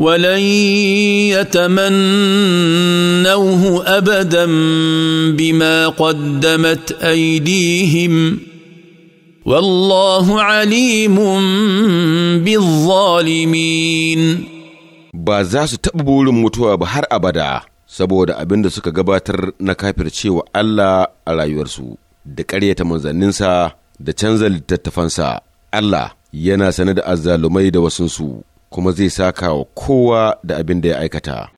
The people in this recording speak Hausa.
ولن يتمنوه ابدا بما قدمت ايديهم والله عليم بالظالمين ba za su taɓa burin mutuwa ba har abada saboda abin da suka gabatar na kafircewa Allah a rayuwarsu da ƙaryata manzanninsa da canza littattafansa Allah yana sane da azzalumai da wasunsu kuma zai saka wa kowa da abin da ya aikata.